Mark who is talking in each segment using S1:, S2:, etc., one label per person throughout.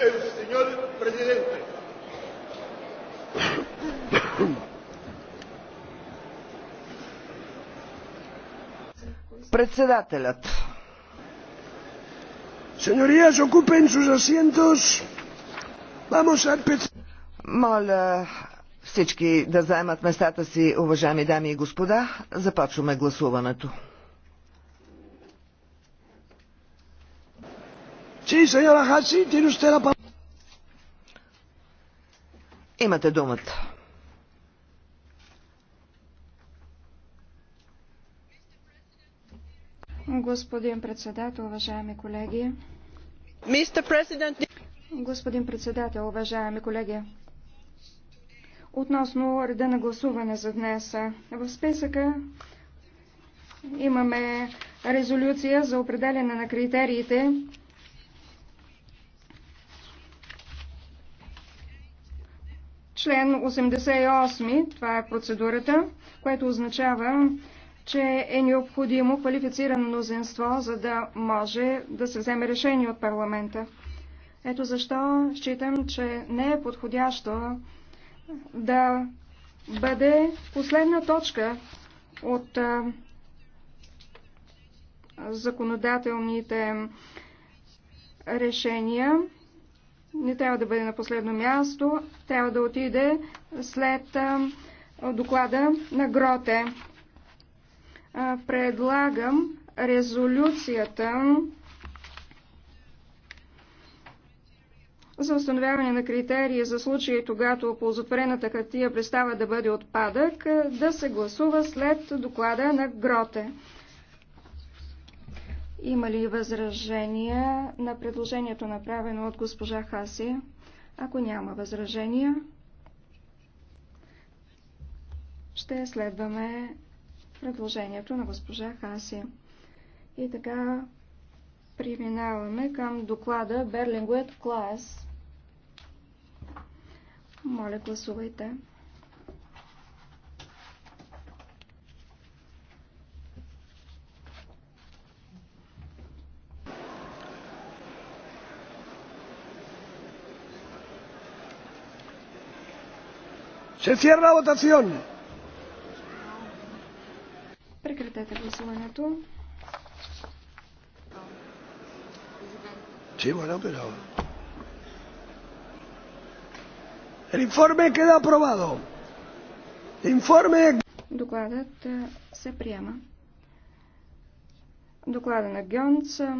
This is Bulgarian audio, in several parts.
S1: el señor presidente.
S2: Председателят. Señorías, ocupen sus asientos. Vamos a empezar. Моля всички да заемат местата си, уважаеми дами и господа. Започваме гласуването. señora Hassi, tiene usted la palabra. Имате думата.
S1: Господин председател, уважаеми колеги. Господин председател, уважаеми колеги. Относно реда на гласуване за днес. В списъка имаме резолюция за определяне на критериите Член 88, това е процедурата, което означава, че е необходимо квалифицирано мнозинство, за да може да се вземе решение от парламента. Ето защо считам, че не е подходящо да бъде последна точка от законодателните решения не трябва да бъде на последно място, трябва да отиде след доклада на Гроте. Предлагам резолюцията за установяване на критерии за случаи, когато ползотворената хартия представа да бъде отпадък, да се гласува след доклада на Гроте. Има ли възражения на предложението направено от госпожа Хаси? Ако няма възражения, ще следваме предложението на госпожа Хаси. И така преминаваме към доклада Берлингует Клас. Моля, гласувайте.
S2: Се cierra votación.
S1: Прекратете гласуването.
S2: Sí, bueno, pero... El informe queda aprobado. Informe...
S1: Докладът е, се приема. Доклада на Гьонц е,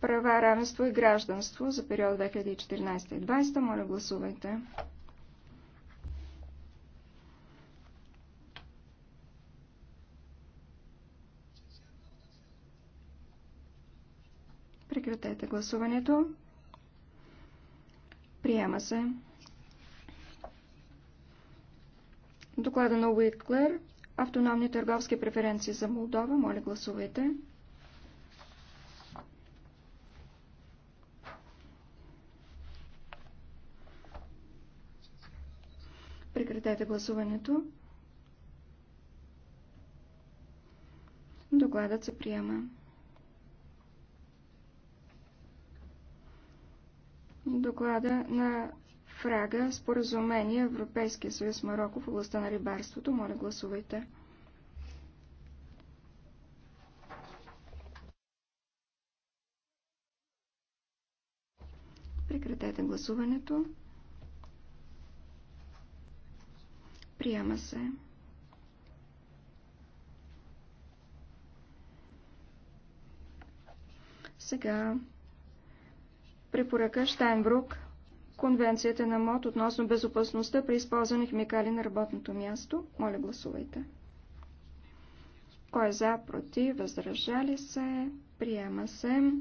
S1: права, равенство и гражданство за период 2014-2020. Моля гласувайте. гласуването. Приема се. Доклада на Уитклер. Автономни търговски преференции за Молдова. Моля, гласувайте. Прекратете гласуването. Докладът се приема. доклада на Фрага споразумение Европейския съюз Марокко в областта на рибарството. Моля, гласувайте. Прекратете гласуването. Приема се. Сега Препоръка Штайнбрук, Конвенцията на МОД относно безопасността при използване химикали на работното място. Моля, гласувайте. Кой е за, против, въздържали се, приема се.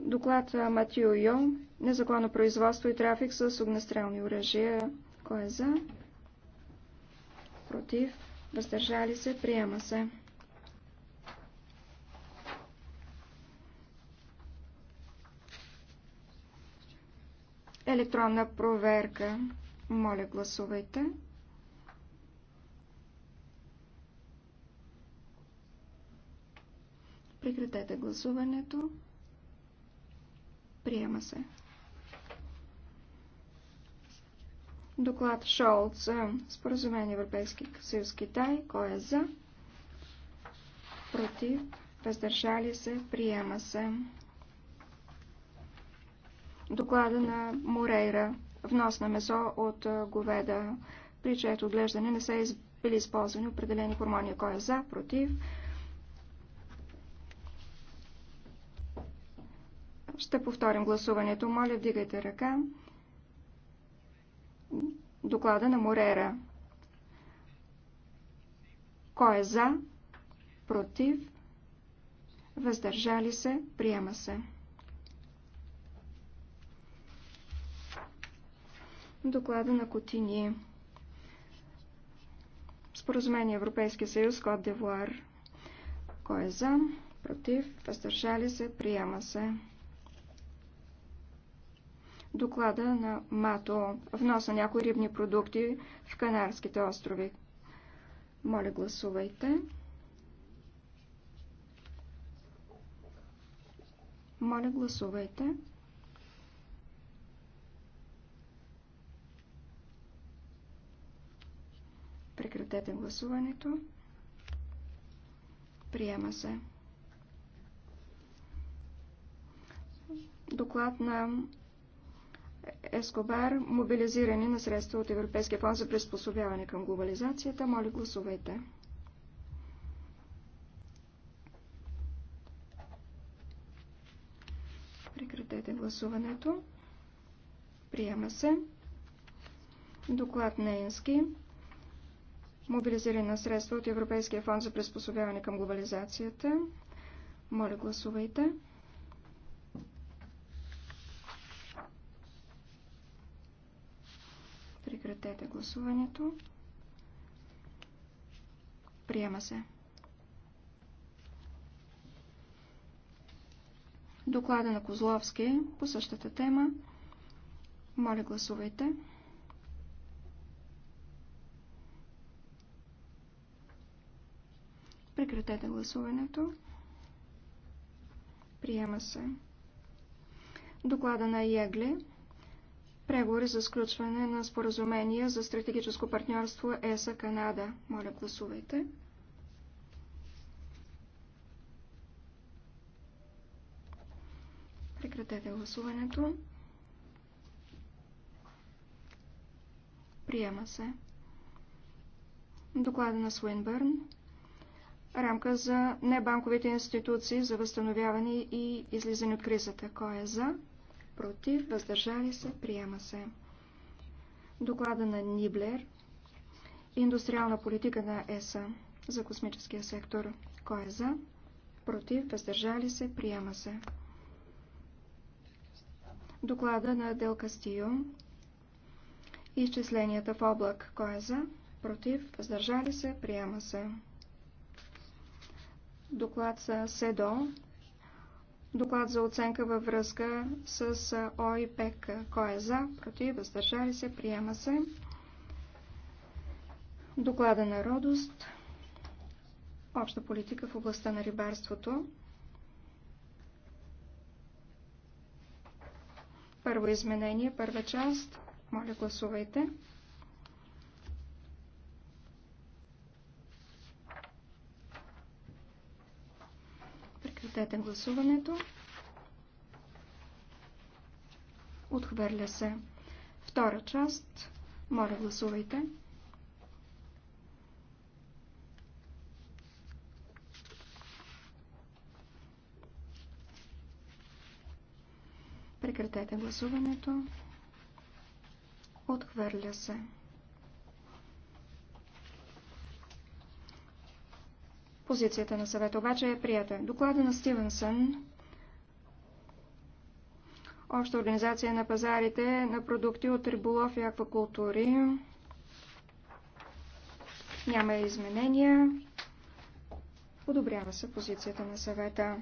S1: Доклад Матио Йо, незаконно производство и трафик с огнестрелни оръжия. Кой е за? Против, въздържали се, приема се. Електронна проверка. Моля, гласувайте. Прекратете гласуването. Приема се. Доклад Шолц. Споразумение Европейски съюз Китай. Кой е за? Против. Въздържали се. Приема се доклада на Морейра, внос на месо от говеда, при чието отглеждане не са били използвани определени хормони. Кой е за, против? Ще повторим гласуването. Моля, вдигайте ръка. Доклада на Морера. Кой е за? Против? Въздържали се? Приема се. доклада на Котини. Споразумение Европейския съюз, Кот Девуар. Кой е за? Против? Въздържали се? Приема се. Доклада на МАТО. вноса някои рибни продукти в Канарските острови. Моля, гласувайте. Моля, гласувайте. Прекратете гласуването. Приема се. Доклад на Ескобар. Мобилизиране на средства от Европейския фонд за приспособяване към глобализацията. Моля, гласувайте. Прекратете гласуването. Приема се. Доклад на Енски мобилизиране на средства от Европейския фонд за приспособяване към глобализацията. Моля, гласувайте. Прекратете гласуването. Приема се. Доклада на Козловски по същата тема. Моля, гласувайте. Прекратете гласуването. Приема се. Доклада на Егле. Преговори за сключване на споразумение за стратегическо партньорство ЕСА Канада. Моля, гласувайте. Прекратете гласуването. Приема се. Доклада на Суинбърн рамка за небанковите институции за възстановяване и излизане от кризата. Кой е за? Против? Въздържали се? Приема се. Доклада на Ниблер. Индустриална политика на ЕСА за космическия сектор. Кой е за? Против? Въздържали се? Приема се. Доклада на Дел Кастио. Изчисленията в облак. Кой е за? Против? Въздържали се? Приема се доклад за СЕДО, доклад за оценка във връзка с ОИПЕК. Кой е за, против, въздържали се, приема се. Доклада на Родост, обща политика в областта на рибарството. Първо изменение, първа част. Моля, гласувайте. Прекратете гласуването. Отхвърля се. Втора част. Моля, гласувайте. Прекратете гласуването. Отхвърля се. Позицията на съвета обаче е прията. Доклада на Стивенсън Обща организация на пазарите на продукти от риболов и аквакултури. Няма изменения. Подобрява се позицията на съвета.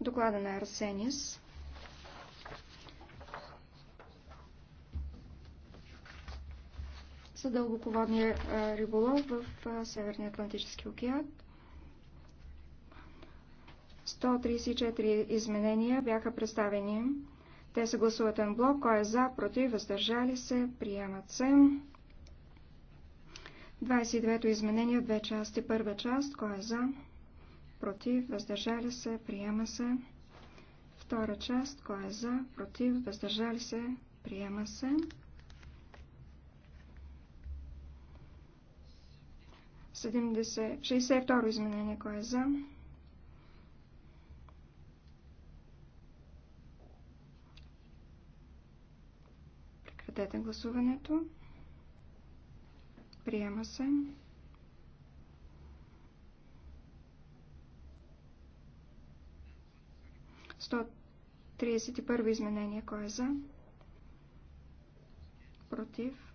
S1: Доклада на Арсенис. За дълбоководния риболов в Северния Атлантически океан. 134 изменения бяха представени. Те се гласуват на блок. Кой е за, против, въздържали се, приемат се. 22-то изменение в две части. Първа част. Кой е за, против, въздържали се, приема се. Втора част. Кой е за, против, въздържали се, приема се. 70, 62 изменение. Кой е за? Прекратете гласуването. Приема се. Сто 31 изменение. Кой е за? Против.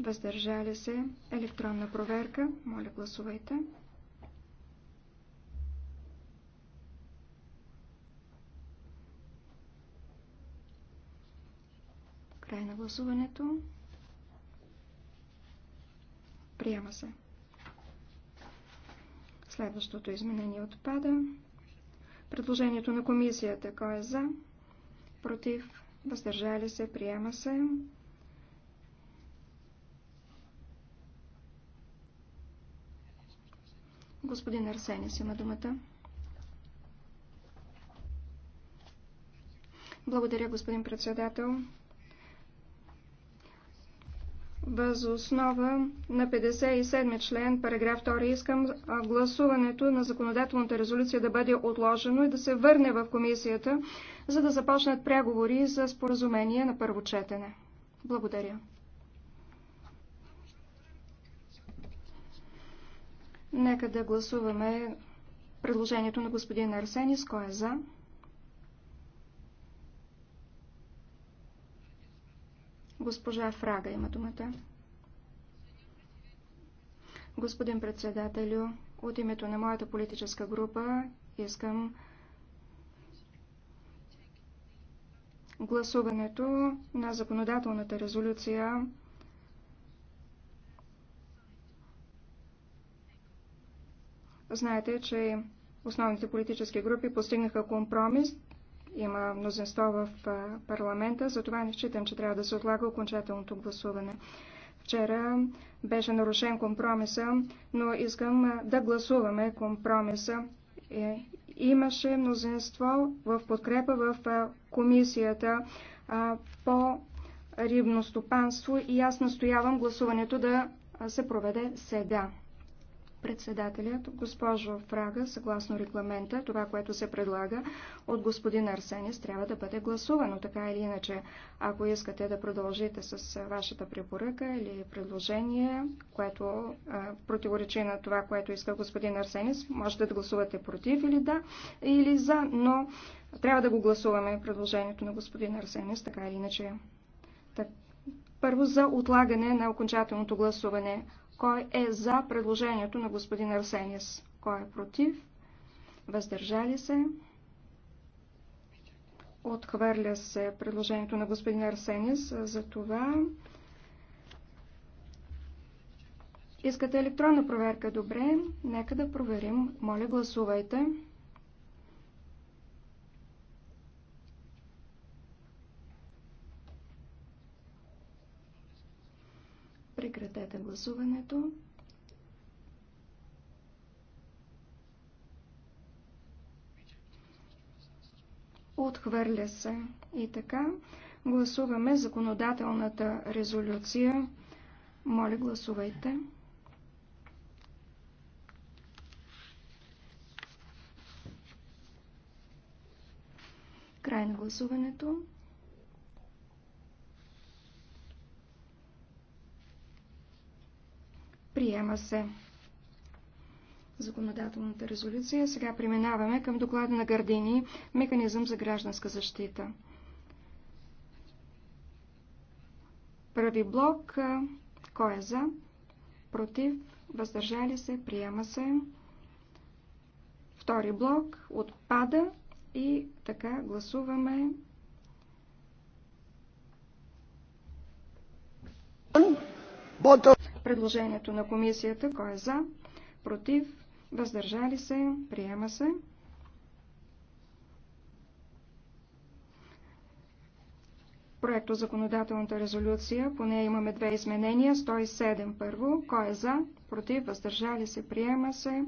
S1: Въздържали се. Електронна проверка. Моля, гласувайте. гласуването. Приема се. Следващото изменение отпада. Предложението на комисията. Кой е за? Против? Въздържали се? Приема се. Господин Арсенис има думата. Благодаря, господин председател. Въз основа на 57 член, параграф 2, искам гласуването на законодателната резолюция да бъде отложено и да се върне в комисията, за да започнат преговори за споразумение на първо четене. Благодаря. Нека да гласуваме предложението на господин Арсенис. Кой е за? Госпожа Фрага има думата. Господин председателю, от името на моята политическа група искам гласуването на законодателната резолюция Знаете, че основните политически групи постигнаха компромис има мнозинство в парламента, затова не считам, че трябва да се отлага окончателното гласуване. Вчера беше нарушен компромиса, но искам да гласуваме компромиса. Е, имаше мнозинство в подкрепа в комисията по рибно стопанство и аз настоявам гласуването да се проведе сега. Председателят, госпожо Фрага, съгласно регламента, това, което се предлага от господин Арсенис, трябва да бъде гласувано, така или иначе. Ако искате да продължите с вашата препоръка или предложение, което а, противоречи на това, което иска господин Арсенис, можете да гласувате против или да, или за, но трябва да го гласуваме предложението на господин Арсенис, така или иначе. Так, първо за отлагане на окончателното гласуване. Кой е за предложението на господин Арсенис? Кой е против? Въздържали се? Отхвърля се предложението на господин Арсенис. За това искате електронна проверка. Добре, нека да проверим. Моля, гласувайте. Прекратете гласуването. Отхвърля се. И така, гласуваме законодателната резолюция. Моля, гласувайте. Край на гласуването. Приема се законодателната резолюция. Сега преминаваме към доклада на Гардини Механизъм за гражданска защита. Първи блок. Кой е за? Против? Въздържали се? Приема се. Втори блок. Отпада. И така гласуваме. Бото предложението на комисията. Кой е за? Против? Въздържали се? Приема се. Проекто законодателната резолюция. По нея имаме две изменения. 107 първо. Кой е за? Против? Въздържали се? Приема се.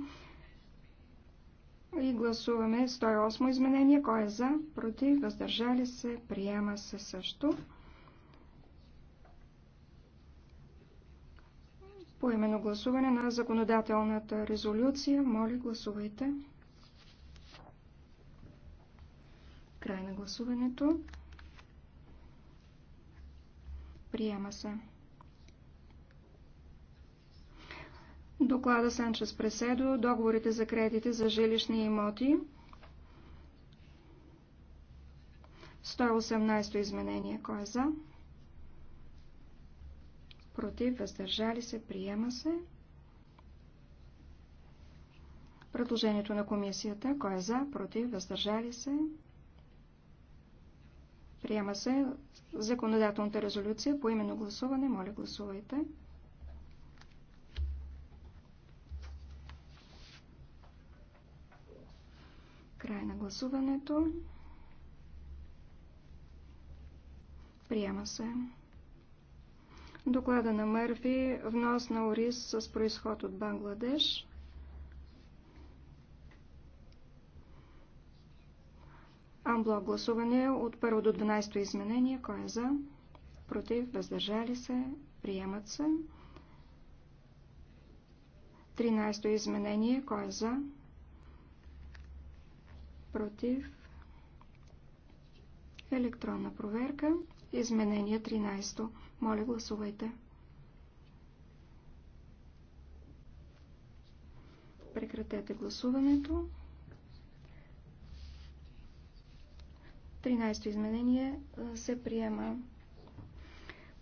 S1: И гласуваме 108 изменение. Кой е за? Против? Въздържали се? Приема се също. По именно гласуване на законодателната резолюция. Моля, гласувайте. Край на гласуването. Приема се. Доклада Санчес Преседо, договорите за кредити за жилищни имоти. 118 изменение. Кой е за? против, въздържали се, приема се. Предложението на комисията, кой е за, против, въздържали се, приема се. Законодателната резолюция по именно гласуване, моля гласувайте. Край на гласуването. Приема се. Доклада на Мърфи, внос на ориз с происход от Бангладеш. Амблок гласуване от първо до 12 изменение. Кой е за? Против? Въздържали се? Приемат се. 13 изменение. Кой е за? Против? Електронна проверка изменение 13. Моля, гласувайте. Прекратете гласуването. 13 то изменение се приема.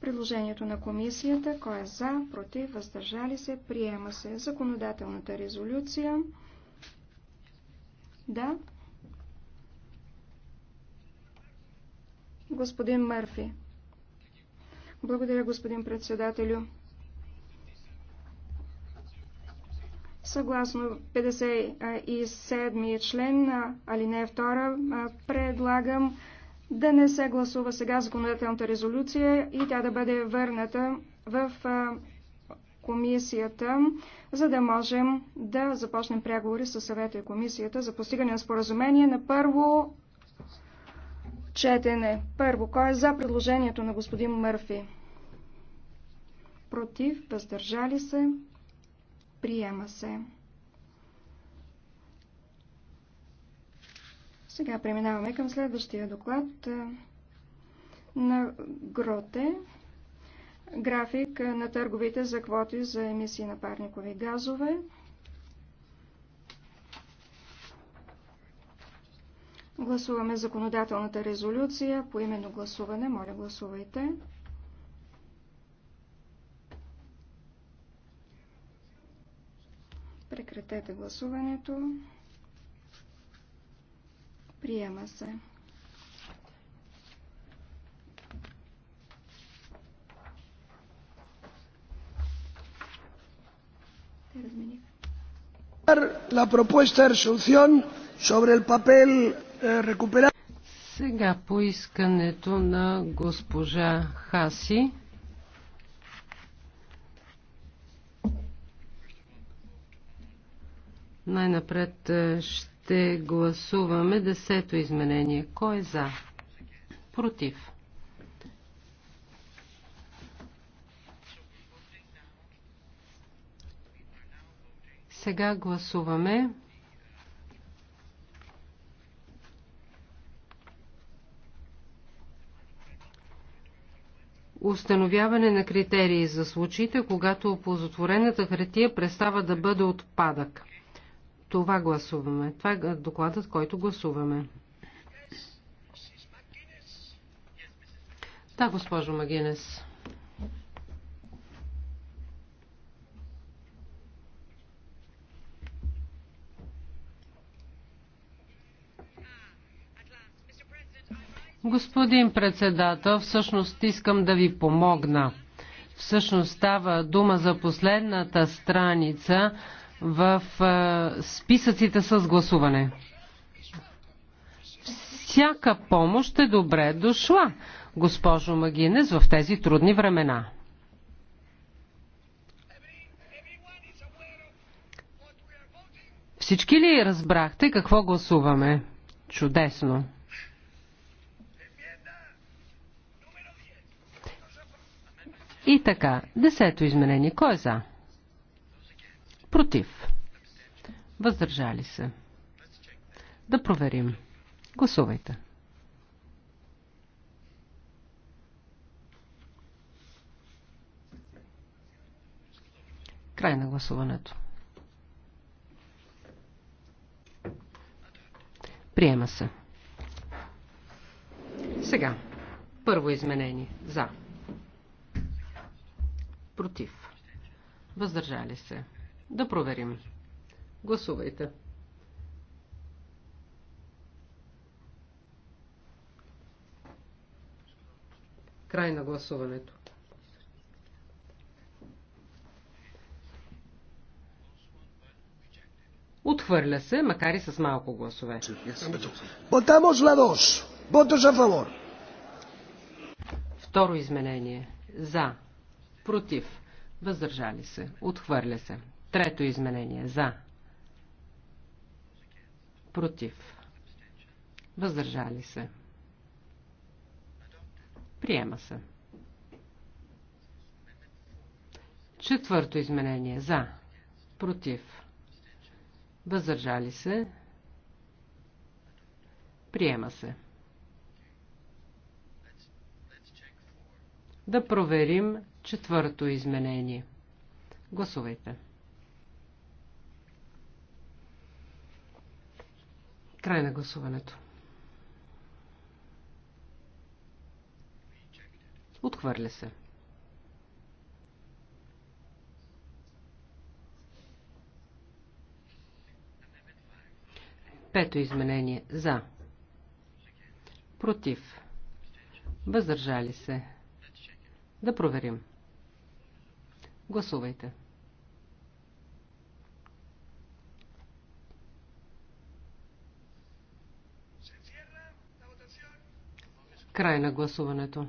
S1: Предложението на комисията, кой е за, против, въздържали се, приема се. Законодателната резолюция. Да. Господин Мърфи. Благодаря, господин председателю. Съгласно 57 член на алинея 2 предлагам да не се гласува сега законодателната резолюция и тя да бъде върната в комисията, за да можем да започнем преговори с съвета и комисията за постигане на споразумение на първо четене. Първо, кой е за предложението на господин Мърфи? Против, въздържали се, приема се. Сега преминаваме към следващия доклад на Гроте. График на търговите за квоти за емисии на парникови газове. Гласуваме законодателната резолюция. По именно гласуване, моля гласувайте. Прекратете гласуването. Приема се.
S2: La propuesta de resolución sobre el papel сега по искането на госпожа Хаси. Най-напред е, ще гласуваме десето изменение. Кой е за? Против. Сега гласуваме установяване на критерии за случаите, когато оползотворената хартия престава да бъде отпадък. Това гласуваме. Това е докладът, който гласуваме. Да, госпожо Магинес. Господин председател, всъщност искам да ви помогна. Всъщност става дума за последната страница в е, списъците с гласуване. Всяка помощ е добре дошла, госпожо Магинес, в тези трудни времена. Всички ли разбрахте какво гласуваме? Чудесно! И така, десето изменение. Кой е за? Против. Въздържали се. Да проверим. Гласувайте. Край на гласуването. Приема се. Сега. Първо изменение. За. Против. Въздържали се. Да проверим. Гласувайте. Край на гласуването. Отхвърля се, макар и с малко гласове. за фавор. Второ изменение. За. Против. Въздържали се. Отхвърля се. Трето изменение. За. Против. Въздържали се. Приема се. Четвърто изменение. За. Против. Въздържали се. Приема се. Да проверим Четвърто изменение. Гласувайте. Край на гласуването. Отхвърля се. Пето изменение. За. Против. Въздържали се. Да проверим. Гласувайте. Край на гласуването.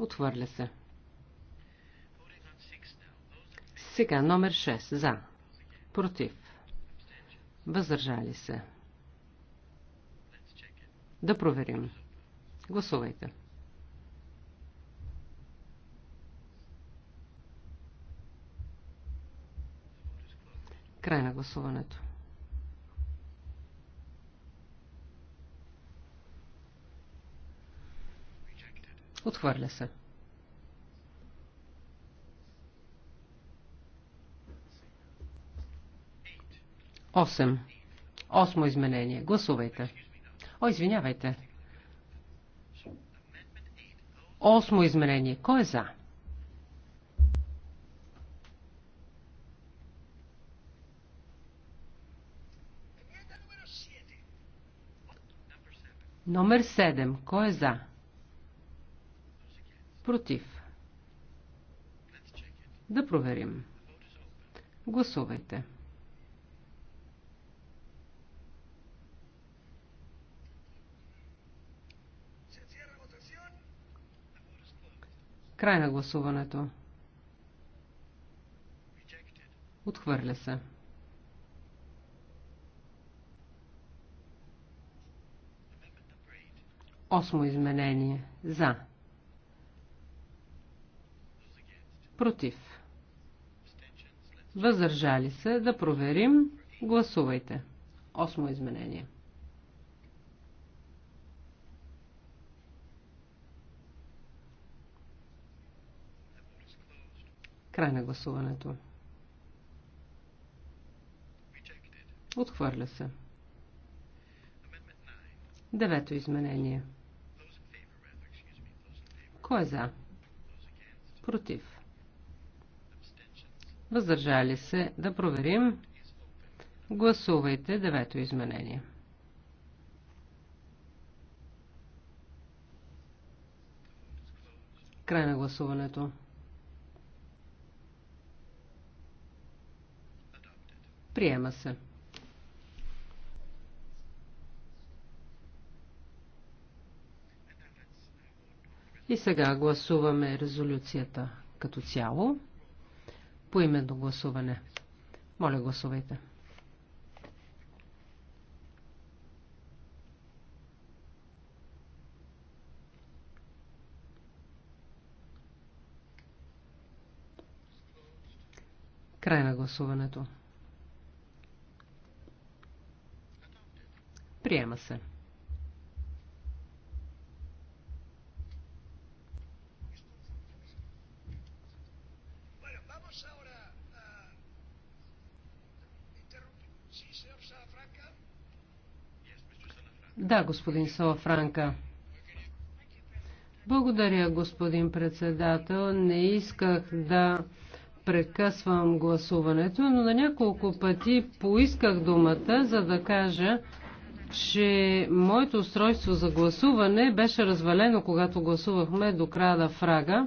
S2: Отвърля се. Сега номер 6. За. Против. Въздържали се. Да проверим. Гласувайте. Край на гласуването. Отхвърля се. Осем. Осмо изменение. Гласувайте. О, извинявайте. Осмо изменение. Кой е за? Номер 7. Кой е за? Против. Да проверим. Гласувайте. Край на гласуването. Отхвърля се. Осмо изменение. За. Против. Въздържали се. Да проверим. Гласувайте. Осмо изменение. Край на гласуването. Отхвърля се. Девето изменение. Кой е за? Против. Въздържали се да проверим. Гласувайте девето изменение. Край на гласуването. Приема се. И сега гласуваме резолюцията като цяло. По именно гласуване. Моля, гласувайте. Край на гласуването. Приема се. Да, господин Салафранка. Благодаря, господин председател. Не исках да прекъсвам гласуването, но на няколко пъти поисках думата, за да кажа, че моето устройство за гласуване беше развалено, когато гласувахме до края на фрага.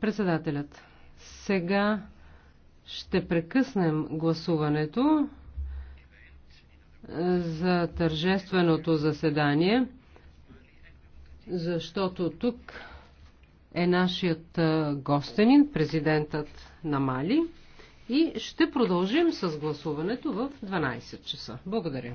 S2: Председателят, сега ще прекъснем гласуването за тържественото заседание, защото тук е нашият гостенин, президентът на Мали и ще продължим с гласуването в 12 часа. Благодаря.